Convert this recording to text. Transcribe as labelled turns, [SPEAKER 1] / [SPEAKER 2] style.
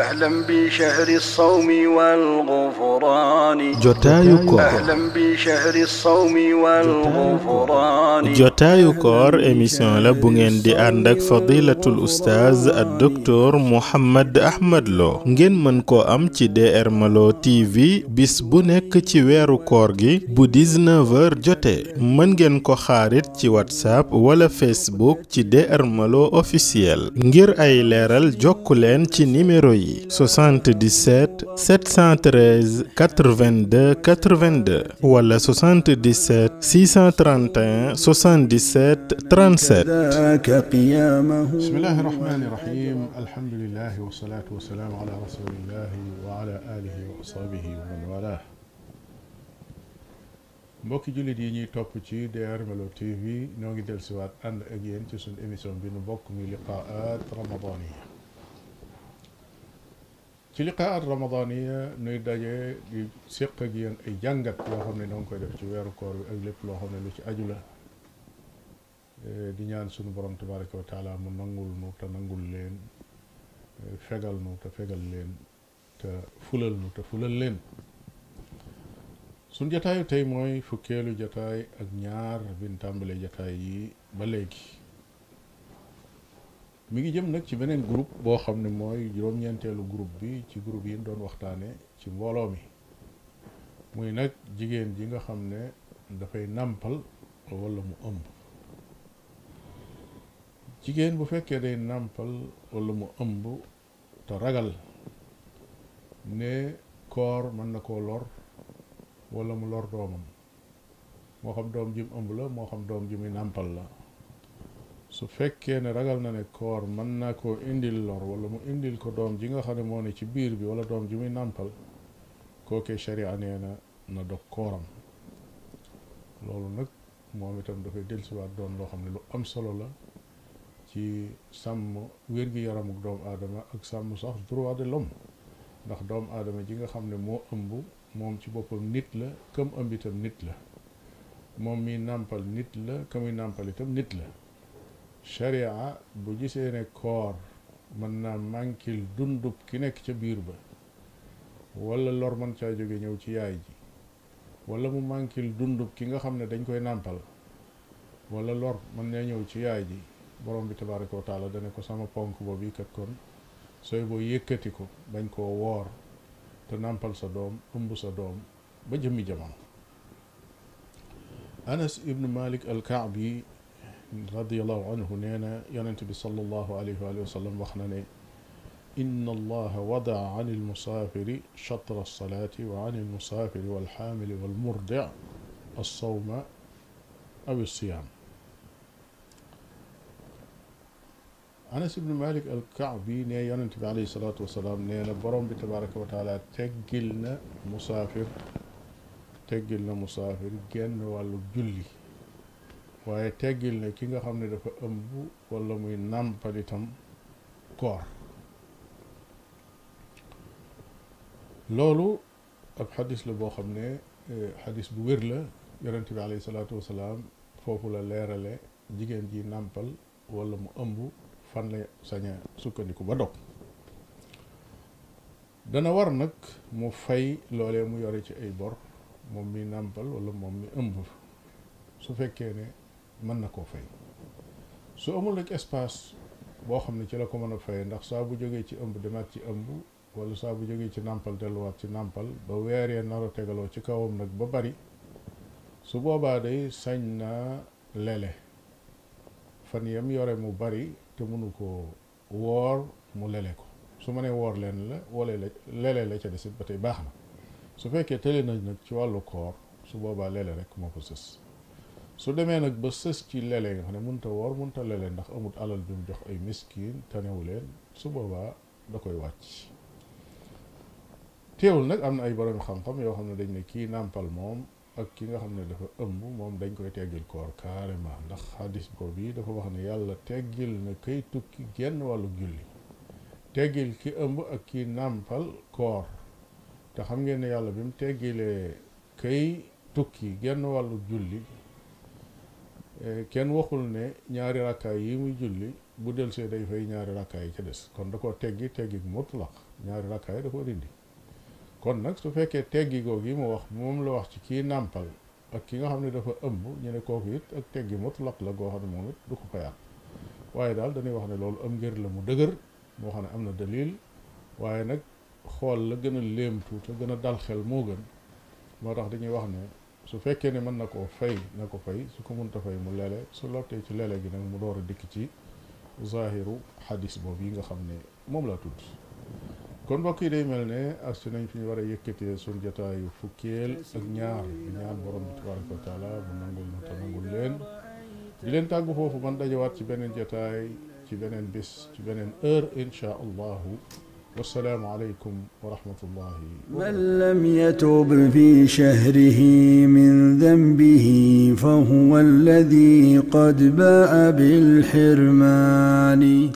[SPEAKER 1] ahlan bi
[SPEAKER 2] jotaayu koor ahlan la bu ngeen di ànd ak fadilatul ustaaz ak docteur Mouhammad Ahmad Lo ngeen mën ko am ci DR Malo TV bis bu nekk ci weeru koor gi bu disnever h jotee mën ngeen ko xaarit ci whatsapp wala facebook ci DR Malo officiel ngir ay leeral jokku leen ci nimero yi yi 77 713 82 82 wala 77 631 77 37.
[SPEAKER 1] bismillahi rahmaani rahiim alhamdulilah wa salaatu wa salaam ala rasulillah wa ala alihi wa ashabihi wa man walaah. mbokki jullit yi ñuy topp ci DR Melo TV ñoo ngi dellusiwaat ànd ak yéen ci suñu émission bi nu bokk mi liqaat ramadaaniya ci liqaat ramadaniya nuy daje di séq ak ay jàngat loo xam ne danga koy def ci weeru koor bi ak lépp loo xam ne lu ci aju la e, di ñaan sunu borom tabaraka wa taala mu nangul nu te nangul leen e, fegal nu te leen te fulal nu te fulal leen sunu jataayu tey mooy fukkeelu jataay ak ñaar bin tàmbalee jataay yi ba léegi mi ngi jëm nag ci beneen group boo xam ne mooy juróom-ñeenteelu groupe bi ci groupe yi doon waxtaane ci mbooloo mi muy nag jigéen ji nga xam ne dafay nàmpal walla mu ëmb jigéen bu fekkee day nàmpal walla mu ëmb te ragal ne koor mën na koo lor walla mu lor doomam moo xam doom jëm mu ëmb la moo xam doom ji nàmpal la su fekkee ne ragal na ne koor mën naa koo indil lor wala mu indil ko doom ji nga xam ne moo ne ci biir bi wala doom ji muy nàmpal kookee sharia nee na na dog kooram loolu nag moom itam dafay dellusiwaat doon loo xam ne lu am solo la ci sàmm wér-gi-yaramu doomu aadama ak sàmm sax droit de l'homme ndax doomu aadama ji nga xam ne moo ëmb moom ci boppam nit la këm ëmb itam nit la moom mi nàmpal nit la ka muy nàmpal itam nit la sharia bu gisee ne koor mën naa mànkil dundub ki nekk ca biir ba wala lor mën caa jóge ñëw ci yaay ji wala mu mànkil dundub ki nga xam ne dañ koy nàmpal wala lor mën ne ñëw ci yaay ji borom bi tabaraka wa taala dane ko sama ponk bi kat kon sooy boo yëkkati ko bañ koo woor te nàmpal sa doom ëmb sa doom ba jëmmi jamono anas ibnu malik al kaabi radiyallahu anhu nee na yonent bi sallallahu alayhi wa sallam wax na ne inna allaha wadaa an almusaafiri chatra alsalaati wa an almusaafiri walxaamili walmurdi alsawma aw alsiyaam anas ibnu malik alkaabi ne yonent bi alayhi salaatu wasalaam nee na borom bi tabaraka wa taala teggil na musaafir teggil na musaafir genn wàllu julli waaye teggil na ki nga xam ne dafa ëmb wala muy nàmpal itam koor loolu ab xadis la boo xam ne eh, xadis bu wér la yonent bi alayhi salaatu wasalaam foofu la leerale jigéen ji nàmpal walla mu ëmb fan la sañ sukkandiku ba dog dana war nag mu fay loolee mu yore ci ay bor moom mi nàmpal wala moom mi ëmb su fekkee ne mën na koo fay su amul rek espace boo xam ne ci la ko mën a fay ndax saa bu jógee ci ëmb demaat ci ëmb wala saa bu jógee ci nàmpal delluwaat ci nàmpal ba weeree nara tegaloo ci kawam nag ba bari su boobaa dey sañ naa lele fan yam yore mu bari te mënu ko woor mu lele ko su ma nee woor leen la wala la lele la ca desit ba tey baax na su fekkee tële nañ nag ci wàllu koor su boobaa lele rek moo ko sës su demee nag ba sës ci lele nga xam ne mënta woor mënta lele ndax amut alal bi mu jox ay miskin tanewu leen su boobaa da koy wàcc teewul nag am na ay borom xam-xam yoo xam ne dañ kii nàmpal moom ak ki nga xam ne dafa ëmb moom dañ koy teggil koor carrément ndax xadis boobu yi dafa wax ne yàlla teggil na kay tukki genn wàllu julli teggil ki ëmb ak kii nàmpal koor te xam ngeen ne yàlla bi mu teggilee kay tukki genn wàllu julli Eh, kenn waxul ne ñaari ràkkaay yi muy julli bu see day fay ñaari rakkaay yi ca des kon da koo teggi teggi mutlaq ñaari rakkaay da koo dindi kon nag su fekkee teggi googu yi mu wax moom la wax ci kii nàmpal ak ki nga xam ne dafa ëmb ñu ne kooku it ak teggi mutlaq la goo xam ne moom it du ko ko yàq waaye daal dañuy wax ne loolu am ngir la mu dëgër moo xam ne am na dalil waaye nag xool la gën a léemtu te gën a dal xel moo gën moo tax dañuy wax ne su fekkee ne mën na koo fay na ko fay su ko ta fay mu lele su lottee ci lele gi nag mu door a dikk ci zahiru xadis boobu yi nga xam ne moom laa tudd kon mbokk yi day mel ne ak agsi nañ fi ñu war a yëkkatee suñ jotaayu fukkeel ak ñaar bi ñaan borom bi tabaraka wa taala mu nangul nu te leen di leen tàggu foofu man dajawaat ci beneen jotaay ci beneen bis ci beneen heure incha allahu والسلام عليكم ورحمة الله وبركاته من لم يتب في شهره من ذنبه فهو الذي قد باء بالحرمان